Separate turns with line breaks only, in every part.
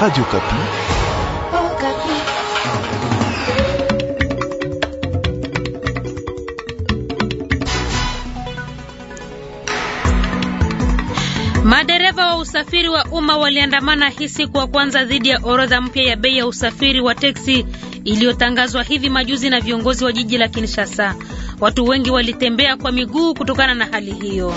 Radio Kapi.
Oh, Kapi.
Madereva wa usafiri wa umma waliandamana hii siku ya kwanza dhidi ya orodha mpya ya bei ya usafiri wa teksi iliyotangazwa hivi majuzi na viongozi wa jiji la Kinshasa. Watu wengi walitembea kwa miguu kutokana na hali hiyo.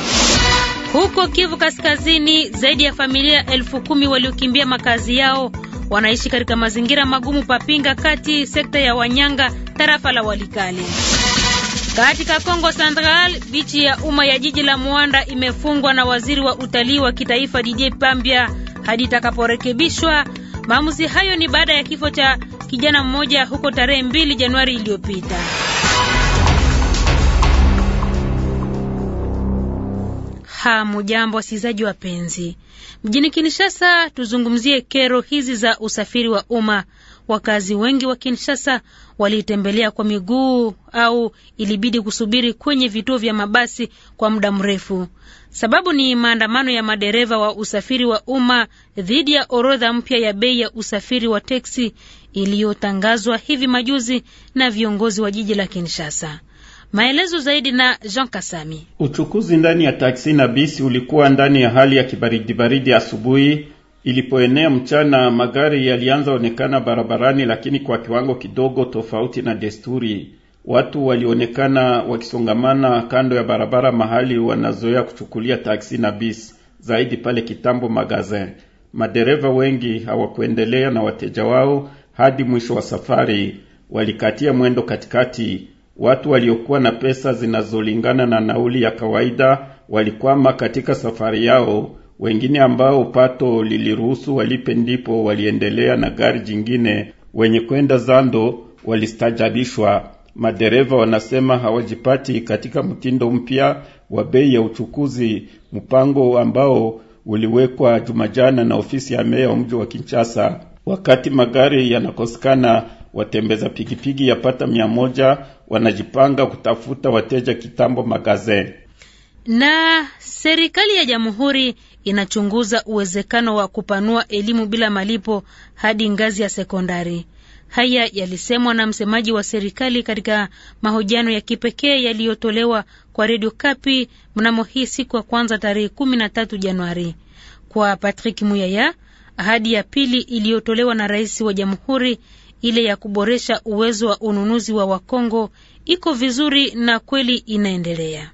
Huko Kivu Kaskazini, zaidi ya familia elfu kumi waliokimbia makazi yao wanaishi katika mazingira magumu Papinga kati sekta ya Wanyanga tarafa la Walikale. Katika Kongo Central, bichi ya umma ya jiji la Mwanda imefungwa na waziri wa utalii wa kitaifa DJ Pambia hadi itakaporekebishwa. Maamuzi hayo ni baada ya kifo cha kijana mmoja huko tarehe 2 Januari iliyopita. Hamujambo wasikilizaji wapenzi, mjini Kinshasa tuzungumzie kero hizi za usafiri wa umma. Wakazi wengi wa Kinshasa waliitembelea kwa miguu au ilibidi kusubiri kwenye vituo vya mabasi kwa muda mrefu. Sababu ni maandamano ya madereva wa usafiri wa umma dhidi ya orodha mpya ya bei ya usafiri wa teksi iliyotangazwa hivi majuzi na viongozi wa jiji la Kinshasa. Maelezo zaidi na Jean Kasami.
Uchukuzi ndani ya taksi na bisi ulikuwa ndani ya hali ya kibaridibaridi asubuhi. Ilipoenea mchana, magari yalianza onekana barabarani, lakini kwa kiwango kidogo tofauti na desturi. Watu walionekana wakisongamana kando ya barabara, mahali wanazoea kuchukulia taksi na bisi, zaidi pale Kitambo Magazin. Madereva wengi hawakuendelea na wateja wao hadi mwisho wa safari, walikatia mwendo katikati Watu waliokuwa na pesa zinazolingana na nauli ya kawaida walikwama katika safari yao. Wengine ambao pato liliruhusu walipe ndipo waliendelea na gari jingine. Wenye kwenda Zando walistajabishwa. Madereva wanasema hawajipati katika mtindo mpya wa bei ya uchukuzi, mpango ambao uliwekwa Jumajana na ofisi ya meya wa mji wa Kinshasa. Wakati magari yanakosekana watembeza pikipiki yapata mia moja wanajipanga kutafuta wateja kitambo magazini.
Na serikali ya jamhuri inachunguza uwezekano wa kupanua elimu bila malipo hadi ngazi ya sekondari. Haya yalisemwa na msemaji wa serikali katika mahojiano ya kipekee yaliyotolewa kwa redio Kapi mnamo hii siku ya kwanza tarehe 13 Januari. Kwa Patrick Muyaya, ahadi ya pili iliyotolewa na rais wa jamhuri ile ya kuboresha uwezo wa ununuzi wa Wakongo iko vizuri na kweli inaendelea.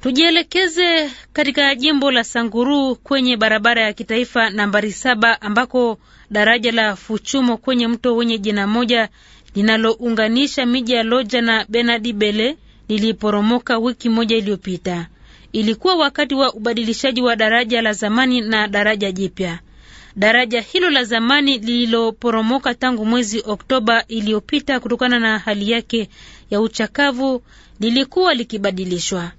Tujielekeze katika jimbo la Sanguru kwenye barabara ya kitaifa nambari saba ambako daraja la Fuchumo kwenye mto wenye jina moja linalounganisha miji ya Loja na Benadi Bele liliporomoka wiki moja iliyopita. Ilikuwa wakati wa ubadilishaji wa daraja la zamani na daraja jipya. Daraja hilo la zamani lililoporomoka tangu mwezi Oktoba iliyopita kutokana na hali yake ya uchakavu lilikuwa likibadilishwa.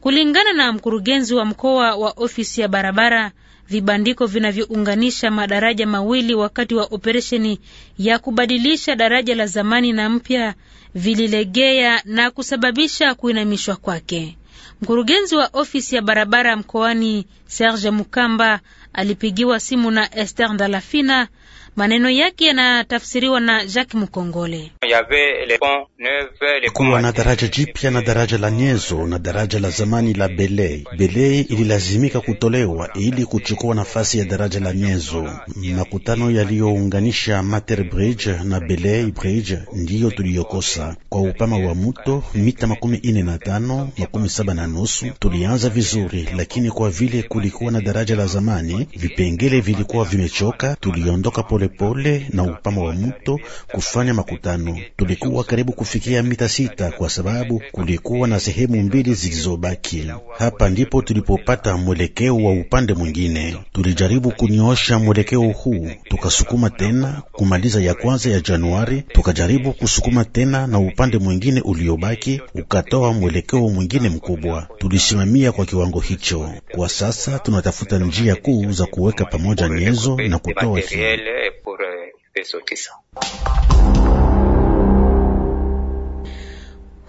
Kulingana na mkurugenzi wa mkoa wa ofisi ya barabara, vibandiko vinavyounganisha madaraja mawili wakati wa operesheni ya kubadilisha daraja la zamani na mpya vililegea na kusababisha kuinamishwa kwake. Mkurugenzi wa ofisi ya barabara mkoani Serge Mukamba alipigiwa simu na Esther Ndalafina Maneno yake yanatafsiriwa na Jacques Mukongole.
Kuwa na daraja jipya na daraja la nyezo na daraja la zamani la Belei. Belei ililazimika kutolewa ili kuchukua nafasi ya daraja la nyezo. Makutano yaliyounganisha Mater Bridge na Belei Bridge ndiyo tuliyokosa kwa upama wa muto mita makumi ine na tano makumi saba na nusu. Tulianza vizuri, lakini kwa vile kulikuwa na daraja la zamani, vipengele vilikuwa vimechoka, tuliondoka pole polepole na upama wa mto kufanya makutano. Tulikuwa karibu kufikia mita sita kwa sababu kulikuwa na sehemu mbili zilizobaki. Hapa ndipo tulipopata mwelekeo wa upande mwingine. Tulijaribu kunyoosha mwelekeo huu, tukasukuma tena kumaliza ya kwanza ya Januari, tukajaribu kusukuma tena na upande mwingine uliobaki ukatoa mwelekeo mwingine
mkubwa.
Tulisimamia kwa kiwango hicho. Kwa sasa tunatafuta njia kuu za kuweka pamoja nyenzo na kutoa
peso tisa.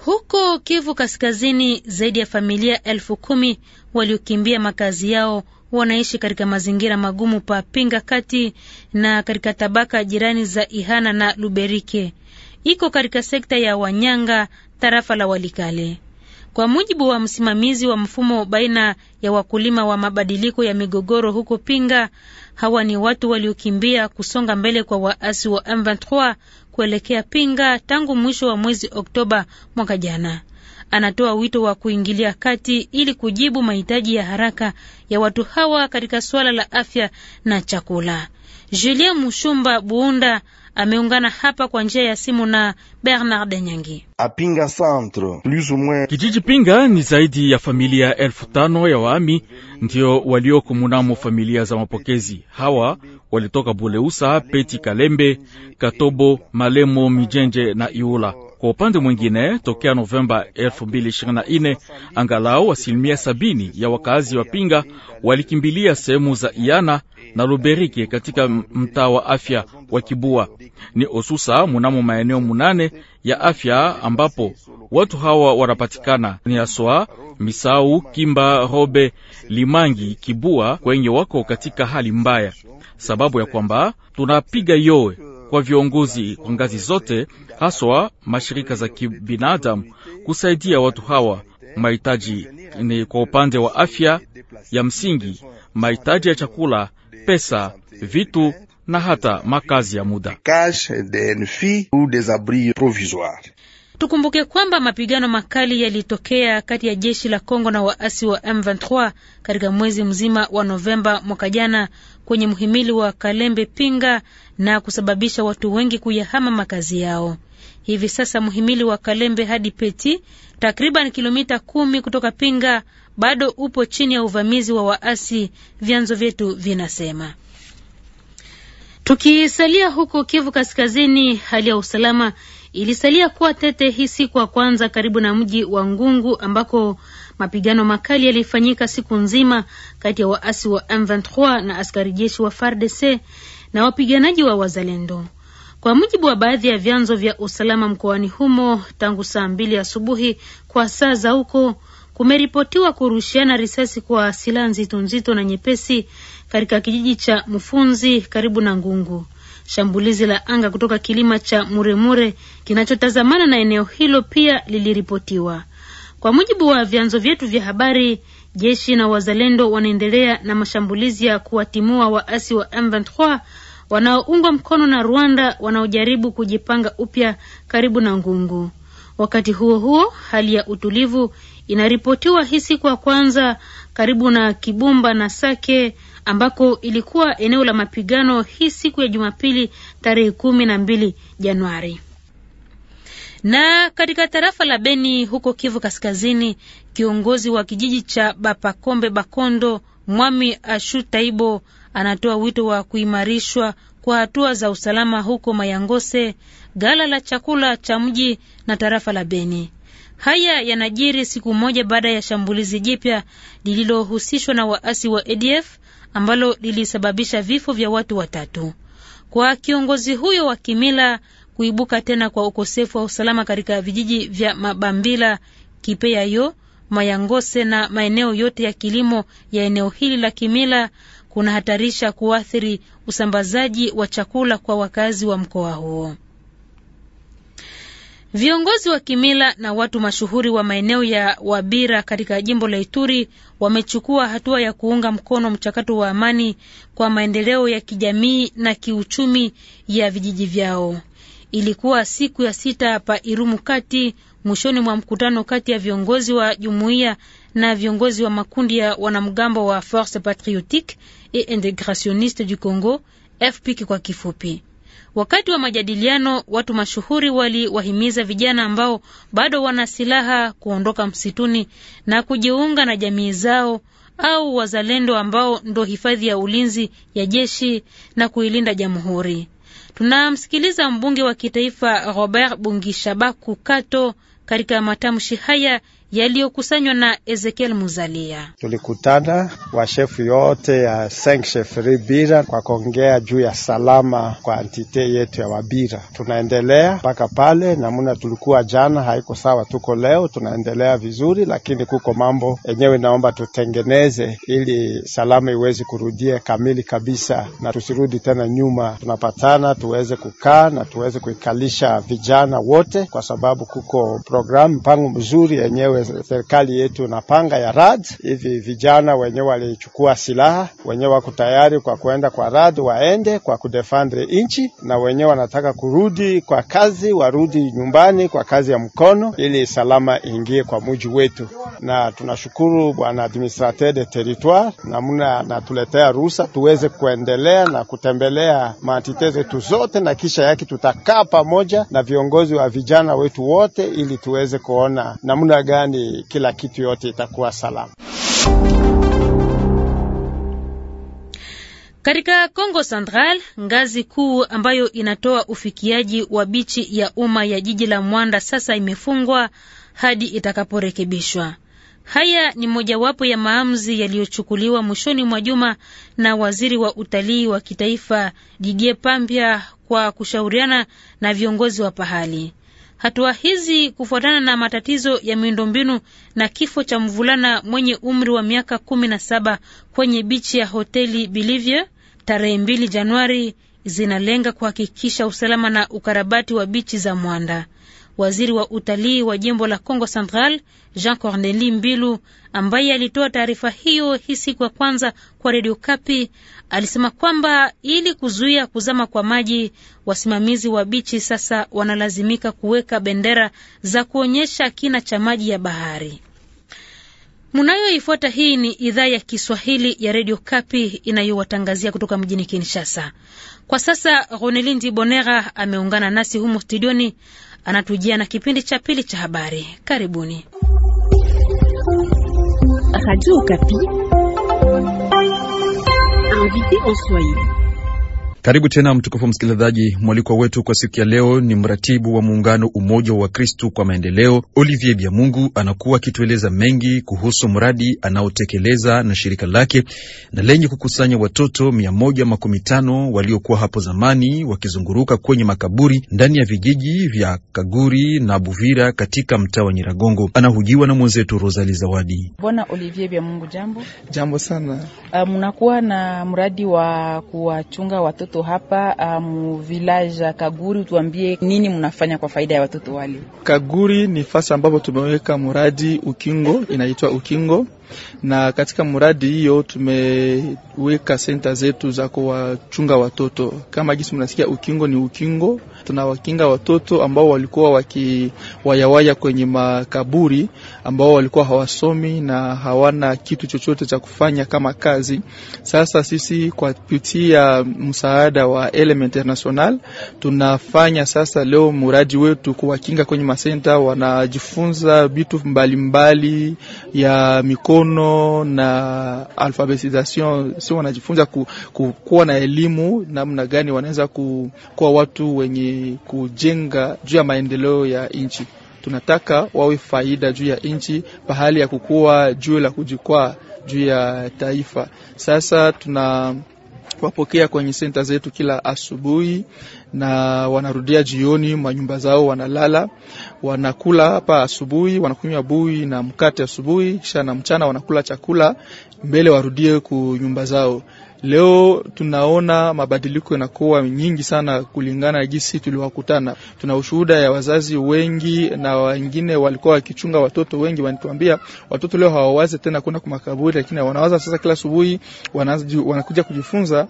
Huko Kivu Kaskazini, zaidi ya familia elfu kumi waliokimbia makazi yao wanaishi katika mazingira magumu pa Pinga Kati na katika tabaka jirani za Ihana na Luberike. Iko katika sekta ya Wanyanga, tarafa la Walikale. Kwa mujibu wa msimamizi wa mfumo baina ya wakulima wa mabadiliko ya migogoro huko Pinga, hawa ni watu waliokimbia kusonga mbele kwa waasi wa M23 kuelekea Pinga tangu mwisho wa mwezi Oktoba mwaka jana. Anatoa wito wa kuingilia kati ili kujibu mahitaji ya haraka ya watu hawa katika suala la afya na chakula. Julien Mushumba Buunda ameungana hapa kwa njia ya simu na Bernard Nyangi.
Apinga
centre plus ou moins kijiji Pinga ni zaidi ya familia elfu tano ya waami ndio walioko munamo familia za mapokezi. Hawa walitoka Buleusa, Peti, Kalembe, Katobo, Malemo, Mijenje na Iula. Kwa upande mwingine, tokea Novemba 2024 angalau asilimia sabini ya wakazi wa Pinga walikimbilia sehemu za Iana na Luberike katika mtaa wa afya wa Kibua, ni hususa munamo maeneo munane ya afya ambapo watu hawa wanapatikana ni aswa Misau, Kimba, Robe, Limangi, Kibua kwenye wako katika hali mbaya, sababu ya kwamba tunapiga yowe kwa viongozi kwa ngazi zote, haswa mashirika za kibinadamu kusaidia watu hawa. Mahitaji ni kwa upande wa afya ya msingi, mahitaji ya chakula, pesa, vitu na hata makazi ya muda.
Tukumbuke kwamba mapigano makali yalitokea kati ya jeshi la Kongo na waasi wa M23 katika mwezi mzima wa Novemba mwaka jana kwenye mhimili wa Kalembe Pinga na kusababisha watu wengi kuyahama makazi yao. Hivi sasa mhimili wa Kalembe hadi Peti, takriban kilomita kumi kutoka Pinga, bado upo chini ya uvamizi wa waasi, vyanzo vyetu vinasema. Tukisalia huko Kivu Kaskazini, hali ya usalama ilisalia kuwa tete hii siku ya kwanza karibu na mji wa Ngungu ambako mapigano makali yalifanyika siku nzima kati ya waasi wa M23 na askari jeshi wa FARDC na wapiganaji wa Wazalendo. Kwa mujibu wa baadhi ya vyanzo vya usalama mkoani humo, tangu saa mbili asubuhi kwa saa za huko kumeripotiwa kurushiana risasi kwa silaha nzito nzito na nyepesi katika kijiji cha Mfunzi karibu na Ngungu. Shambulizi la anga kutoka kilima cha Muremure kinachotazamana na eneo hilo pia liliripotiwa. Kwa mujibu wa vyanzo vyetu vya habari, jeshi na wazalendo wanaendelea na mashambulizi ya kuwatimua waasi wa M23 wanaoungwa mkono na Rwanda wanaojaribu kujipanga upya karibu na Ngungu. Wakati huo huo, hali ya utulivu inaripotiwa hii siku ya kwanza karibu na Kibumba na Sake ambako ilikuwa eneo la mapigano hii siku ya Jumapili tarehe kumi na mbili Januari. Na katika tarafa la Beni huko Kivu Kaskazini, kiongozi wa kijiji cha Bapakombe Bakondo Mwami Ashu Taibo anatoa wito wa kuimarishwa kwa hatua za usalama huko Mayangose, gala la chakula cha mji na tarafa la Beni. Haya yanajiri siku moja baada ya shambulizi jipya lililohusishwa na waasi wa ADF ambalo lilisababisha vifo vya watu watatu. Kwa kiongozi huyo wa kimila, kuibuka tena kwa ukosefu wa usalama katika vijiji vya Mabambila, Kipeyayo, Mayangose na maeneo yote ya kilimo ya eneo hili la kimila kunahatarisha kuathiri usambazaji wa chakula kwa wakazi wa mkoa huo. Viongozi wa kimila na watu mashuhuri wa maeneo ya Wabira katika jimbo la Ituri wamechukua hatua ya kuunga mkono mchakato wa amani kwa maendeleo ya kijamii na kiuchumi ya vijiji vyao. Ilikuwa siku ya sita pa Irumu kati mwishoni mwa mkutano kati ya viongozi wa jumuiya na viongozi wa makundi ya wanamgambo wa Force Patriotique et Integrationiste du Congo FPIC kwa kifupi. Wakati wa majadiliano, watu mashuhuri waliwahimiza vijana ambao bado wana silaha kuondoka msituni na kujiunga na jamii zao au wazalendo ambao ndo hifadhi ya ulinzi ya jeshi na kuilinda jamhuri. Tunamsikiliza mbunge wa kitaifa Robert Bungishabaku Kato katika matamshi haya yaliyokusanywa na Ezekiel Muzalia.
Tulikutana washefu yote ya shefri Bira kwa kuongea juu ya salama kwa antite yetu ya Wabira. Tunaendelea mpaka pale namuna tulikuwa jana, haiko sawa, tuko leo tunaendelea vizuri, lakini kuko mambo yenyewe naomba tutengeneze ili salama iweze kurudia kamili kabisa na tusirudi tena nyuma. Tunapatana tuweze kukaa na tuweze kuikalisha vijana wote, kwa sababu kuko programu mpango mzuri yenyewe serikali yetu na panga ya rad. Hivi vijana wenyewe walichukua silaha, wenyewe wako tayari kwa kuenda kwa rad, waende kwa kudefendre inchi, na wenyewe wanataka kurudi kwa kazi, warudi nyumbani kwa kazi ya mkono, ili salama ingie kwa muji wetu. Na tunashukuru bwana administrateur de territoire namna anatuletea ruhusa tuweze kuendelea na kutembelea maantite zetu zote, na kisha yake tutakaa pamoja na viongozi wa vijana wetu wote, ili tuweze kuona namna gani nadhani kila kitu yote itakuwa salama.
Katika Kongo Central, ngazi kuu ambayo inatoa ufikiaji wa bichi ya umma ya jiji la Mwanda sasa imefungwa hadi itakaporekebishwa. Haya ni mojawapo ya maamuzi yaliyochukuliwa mwishoni mwa juma na waziri wa utalii wa kitaifa Didier pambya kwa kushauriana na viongozi wa pahali. Hatua hizi kufuatana na matatizo ya miundombinu na kifo cha mvulana mwenye umri wa miaka kumi na saba kwenye bichi ya hoteli Bilivye tarehe mbili Januari zinalenga kuhakikisha usalama na ukarabati wa bichi za Mwanda waziri wa utalii wa jimbo la Congo Central Jean Corneli Mbilu, ambaye alitoa taarifa hiyo hii siku ya kwanza kwa redio Kapi, alisema kwamba ili kuzuia kuzama kwa maji, wasimamizi wa bichi sasa wanalazimika kuweka bendera za kuonyesha kina cha maji ya bahari. Munayoifuata hii ni idhaa ya Kiswahili ya redio Kapi inayowatangazia kutoka mjini Kinshasa. Kwa sasa Ronelindi Bonera ameungana nasi humo studioni anatujia na kipindi cha pili cha habari. Karibuni
Radio Okapi.
Karibu tena mtukufu msikilizaji. Mwalikwa wetu kwa siku ya leo ni mratibu wa muungano Umoja wa kristu kwa Maendeleo, Olivier Biamungu. Anakuwa akitueleza mengi kuhusu mradi anaotekeleza na shirika lake na lenye kukusanya watoto mia moja makumi tano waliokuwa hapo zamani wakizunguruka kwenye makaburi ndani ya vijiji vya Kaguri na Buvira katika mtaa wa Nyiragongo. Anahujiwa na mwenzetu Rosali Zawadi.
Bwana Olivier Biamungu, jambo.
Jambo sana.
Uh, mnakuwa na mradi wa kuwachunga watoto watoto hapa mu um, village Kaguri, tuambie nini mnafanya kwa faida ya watoto wale.
Kaguri ni fasi ambapo tumeweka muradi ukingo, inaitwa ukingo na katika mradi hiyo tumeweka senta zetu za kuwachunga watoto. Kama jinsi mnasikia, ukingo ni ukingo, tunawakinga watoto ambao walikuwa wakiwayawaya kwenye makaburi, ambao walikuwa hawasomi na hawana kitu chochote cha kufanya kama kazi. Sasa sisi kwa kupitia msaada wa Element International tunafanya sasa leo mradi wetu kuwakinga kwenye masenta, wanajifunza vitu mbalimbali ya miko mikono na alfabetisation, si wanajifunza ku, ku, kuwa na elimu namna gani wanaweza ku, kuwa watu wenye kujenga juu ya maendeleo ya nchi. Tunataka wawe faida juu ya nchi, pahali ya kukua juu la kujikwaa juu ya taifa. Sasa tuna tuwapokea kwenye senta zetu kila asubuhi na wanarudia jioni manyumba zao, wanalala wanakula hapa asubuhi, wanakunywa bui na mkate asubuhi, kisha na mchana wanakula chakula mbele warudie ku nyumba zao. Leo tunaona mabadiliko yanakuwa nyingi sana kulingana na jinsi tuliwakutana. Tuna ushuhuda ya wazazi wengi na wengine walikuwa wakichunga watoto wengi, wanatuambia watoto leo hawawazi tena kwenda kwa makaburi, lakini wanawaza sasa, kila asubuhi wanakuja kujifunza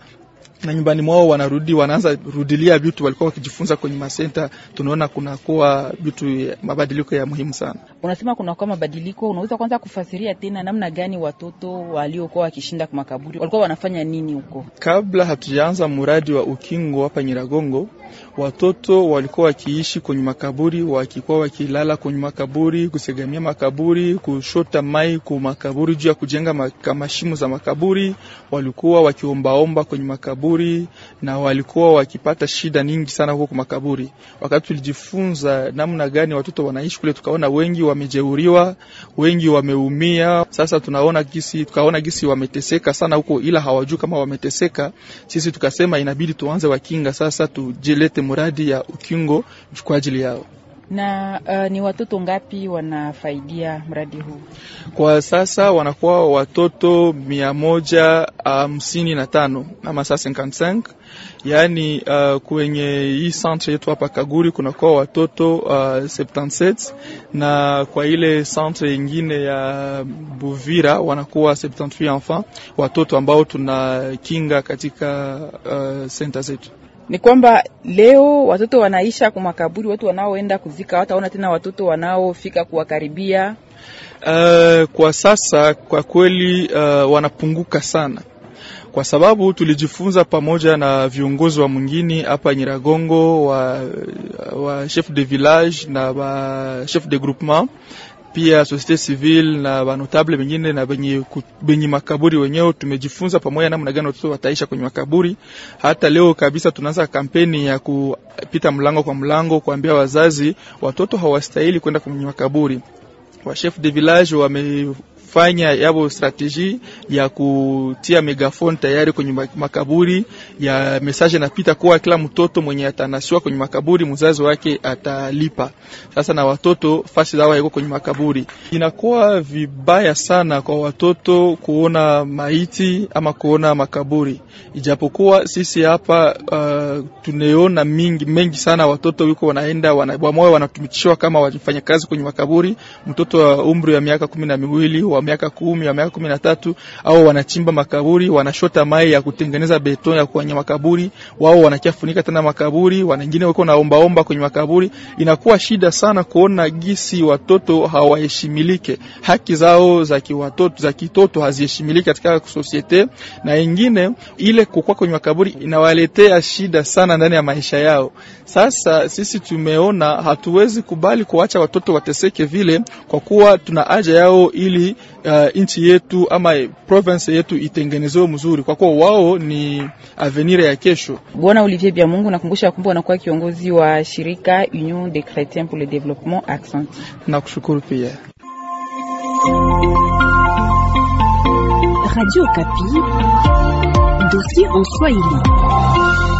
na nyumbani mwao wanarudi, wanaanza rudilia vitu walikuwa wakijifunza kwenye masenta. Tunaona kunakuwa vitu mabadiliko ya muhimu sana.
Unasema kunakuwa mabadiliko, unaweza kwanza kufasiria tena namna gani watoto waliokuwa wakishinda kwa makaburi walikuwa wanafanya nini huko?
Kabla hatujaanza mradi wa ukingo hapa Nyiragongo, watoto walikuwa wakiishi kwenye makaburi, wakikuwa wakilala kwenye makaburi, kusegamia makaburi, kushota mai kwa makaburi, juu ya kujenga mashimo za makaburi, walikuwa wakiombaomba kwenye makaburi makaburi na walikuwa wakipata shida nyingi sana huko kwa makaburi. Wakati tulijifunza namna gani watoto wanaishi kule, tukaona wengi wamejeuriwa, wengi wameumia. Sasa tunaona gisi, tukaona gisi wameteseka sana huko, ila hawajui kama wameteseka. Sisi tukasema inabidi tuanze wakinga sasa, tujilete muradi ya ukingo kwa ajili yao.
Na uh, ni watoto ngapi wanafaidia mradi huu?
Kwa sasa wanakuwa watoto mia moja eh, hamsini na tano ama sasa 55 yaani uh, kwenye hii centre yetu hapa Kaguri kunakuwa watoto uh, 77 na kwa ile centre ingine ya Buvira wanakuwa 78 enfant watoto ambao tunakinga katika uh, senta zetu ni
kwamba leo watoto wanaisha kwa makaburi, watu wanaoenda kuzika wataona tena watoto wanaofika kuwakaribia.
Uh, kwa sasa kwa kweli uh, wanapunguka sana kwa sababu tulijifunza pamoja na viongozi wa mwingine hapa Nyiragongo wa, wa chef de village na ba chef de groupement pia societe civile na banotable wengine na benye, benye makaburi wenyewe, tumejifunza pamoja namna gani watoto wataisha kwenye makaburi. Hata leo kabisa tunaanza kampeni ya kupita mlango kwa mlango kuambia wazazi watoto hawastahili kwenda kwenye makaburi. Wa chef de village wame fanya yabo strategie ya kutia megafoni tayari kwenye makaburi ya message napita kwa kila mtoto mwenye atanasiwa kwenye makaburi mzazi wake atalipa. Sasa na watoto fasi zao yako kwenye makaburi, inakuwa vibaya sana kwa watoto kuona maiti ama kuona makaburi, ijapokuwa sisi hapa uh, tuneona mingi mengi sana watoto wiko wanaenda moyo wanatumikishwa kama wafanyakazi kwenye makaburi, mtoto wa umri wa miaka kumi na miwili wa miaka kumi wa miaka kumi na tatu au wanachimba makaburi, wanashota mai ya kutengeneza beton ya kwenye makaburi, wao wanachafunika tena makaburi, wengine wako naombaomba kwenye makaburi. Inakuwa shida sana kuona gisi watoto hawaheshimilike, haki zao za kiwatoto za kitoto haziheshimiliki katika sosiete, na ingine ile kukua kwenye makaburi inawaletea shida sana ndani ya maisha yao. Sasa sisi tumeona hatuwezi kubali kuacha watoto wateseke vile, kwa kuwa tuna haja yao ili uh, nchi yetu ama province yetu itengenezewe mzuri, kwa kuwa wao ni avenir ya kesho.
Bwana Olivier mungu nakumbusha kwamba anakuwa kiongozi wa shirika Union des Chretiens pour le Développement Accent. Nakushukuru pia
Radio Kapi, dossier en Swahili.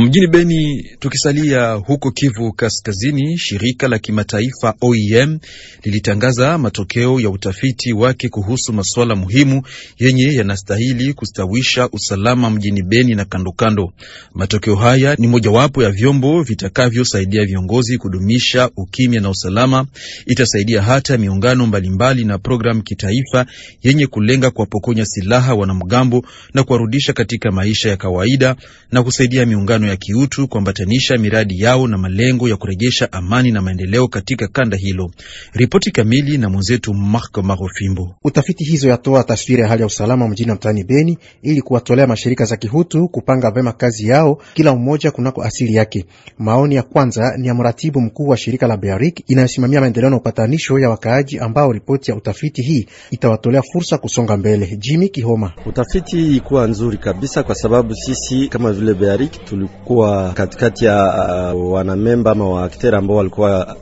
Mjini Beni, tukisalia huko Kivu Kaskazini, shirika la kimataifa oem lilitangaza matokeo ya utafiti wake kuhusu masuala muhimu yenye yanastahili kustawisha usalama mjini Beni na kandokando. Matokeo haya ni mojawapo ya vyombo vitakavyosaidia viongozi kudumisha ukimya na usalama. Itasaidia hata miungano mbalimbali na programu kitaifa yenye kulenga kuwapokonya silaha wanamgambo na kuwarudisha katika maisha ya kawaida na kusaidia miungano mapambano ya kiutu kuambatanisha miradi yao na malengo ya kurejesha amani na maendeleo katika kanda hilo. Ripoti kamili na mwenzetu Mark Marofimbo.
Utafiti hizo yatoa taswira ya hali ya usalama mjini na mtaani Beni ili kuwatolea mashirika za kihutu kupanga vema kazi yao, kila mmoja kunako asili yake. Maoni ya kwanza ni ya mratibu mkuu wa shirika la Bearik inayosimamia maendeleo na upatanisho ya wakaaji, ambao ripoti ya utafiti hii itawatolea fursa kusonga mbele. Jimmy Kihoma:
utafiti ilikuwa nzuri kabisa kwa sababu sisi kama vile Bearik tuli kuwa katikati ya uh, wanamemba ama waakteri ambao walikuwa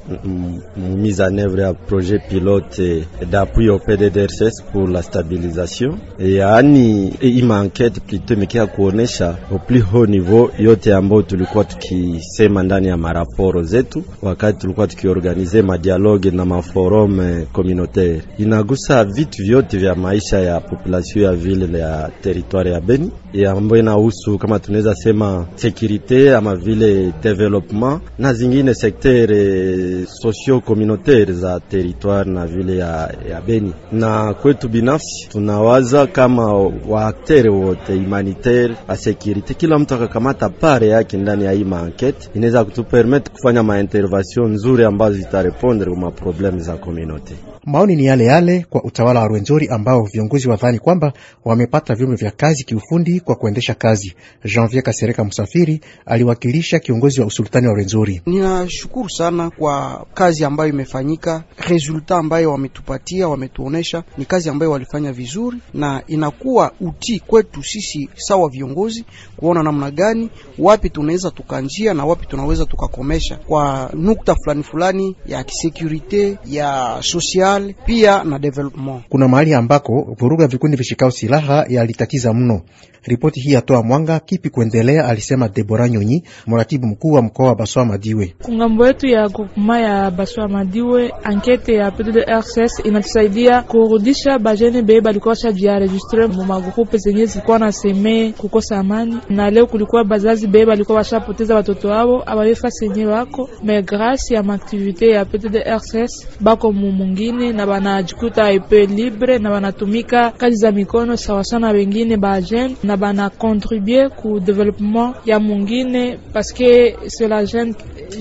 mumiza mm, en ya projet pilote d'appui au PDDRCS pour la stabilisation, yaani ima enquete plutôt imekia kuonesha au plus haut niveau yote ambao tulikuwa tukisema ndani ya maraporo zetu wakati tulikuwa tukiorganize madialogue na maforum communautaire. Inagusa vitu vyote vya maisha ya population ya ville ya territoire ya Beni ambayo inahusu kama tunaweza sema security ama vile development na zingine sektere euh, socio communautaire za territoire na vile ya, ya Beni. Na kwetu binafsi tunawaza kama euh, waakteri wote euh, humanitaire a security, kila mtu akakamata pare yake ndani ya hii maankete, inaweza kutupermete kufanya maintervention nzuri ambazo zitarepondre kwa maprobleme za community.
Maoni ni yale yale kwa utawala wa Rwenzori ambao viongozi wadhani kwamba wamepata vyombo vya kazi kiufundi kwa kuendesha kazi. Janvier Kasereka Msafiri Bakari aliwakilisha kiongozi wa usultani wa Rwenzori. Ninashukuru sana kwa kazi ambayo imefanyika, resulta ambayo wametupatia, wametuonesha ni kazi ambayo walifanya vizuri, na inakuwa utii kwetu sisi sawa viongozi kuona namna gani, wapi tunaweza tukanjia na wapi tunaweza tukakomesha kwa nukta fulani fulani ya kisekurite ya social pia na development. Kuna mahali ambako vuruga vikundi vishikao silaha yalitatiza mno. Ripoti hii yatoa mwanga kipi kuendelea, alisema Debora Nyonyi, mratibu mkuu wa mkoa wa Baswa Madiwe.
Kungambo
yetu ya groupema ya Baswa Madiwe, ankete ya PDDRCS inatusaidia kurudisha bajene bee balikuwa bashajiarejistre mu magrupe zenye zilikuwa na seme kukosa amani, na leo kulikuwa bazazi bee balikuwa bashapoteza watoto wao ababefa senye bako me grasi ya maaktivite ya PDDRCS bako mu mungine na banajikuta epe libre na banatumika kazi za mikono sawasawa na wengine bajene na banakontribue ku development ya mwingine paske cela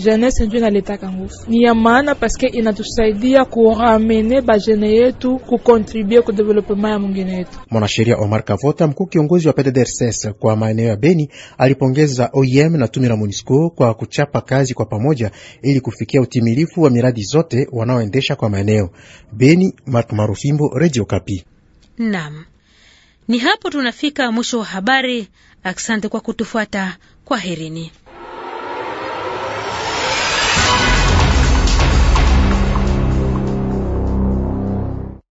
jeunesse ndio inaletaka nguvu. Ni ya maana paske inatusaidia kuramene bajene yetu kukontribue ku developema ya mwingine yetu.
Mwanasheria Omar Kavota, mkuu kiongozi wa PDDRCS kwa maeneo ya Beni, alipongeza OIM na tumi la MONUSCO kwa kuchapa kazi kwa pamoja ili kufikia utimilifu wa miradi zote wanaoendesha kwa maeneo Beni. Mark Marufimbo, Radio Kapi.
Naam. Ni hapo tunafika mwisho wa habari. Asante kwa kutufuata. Kwaherini.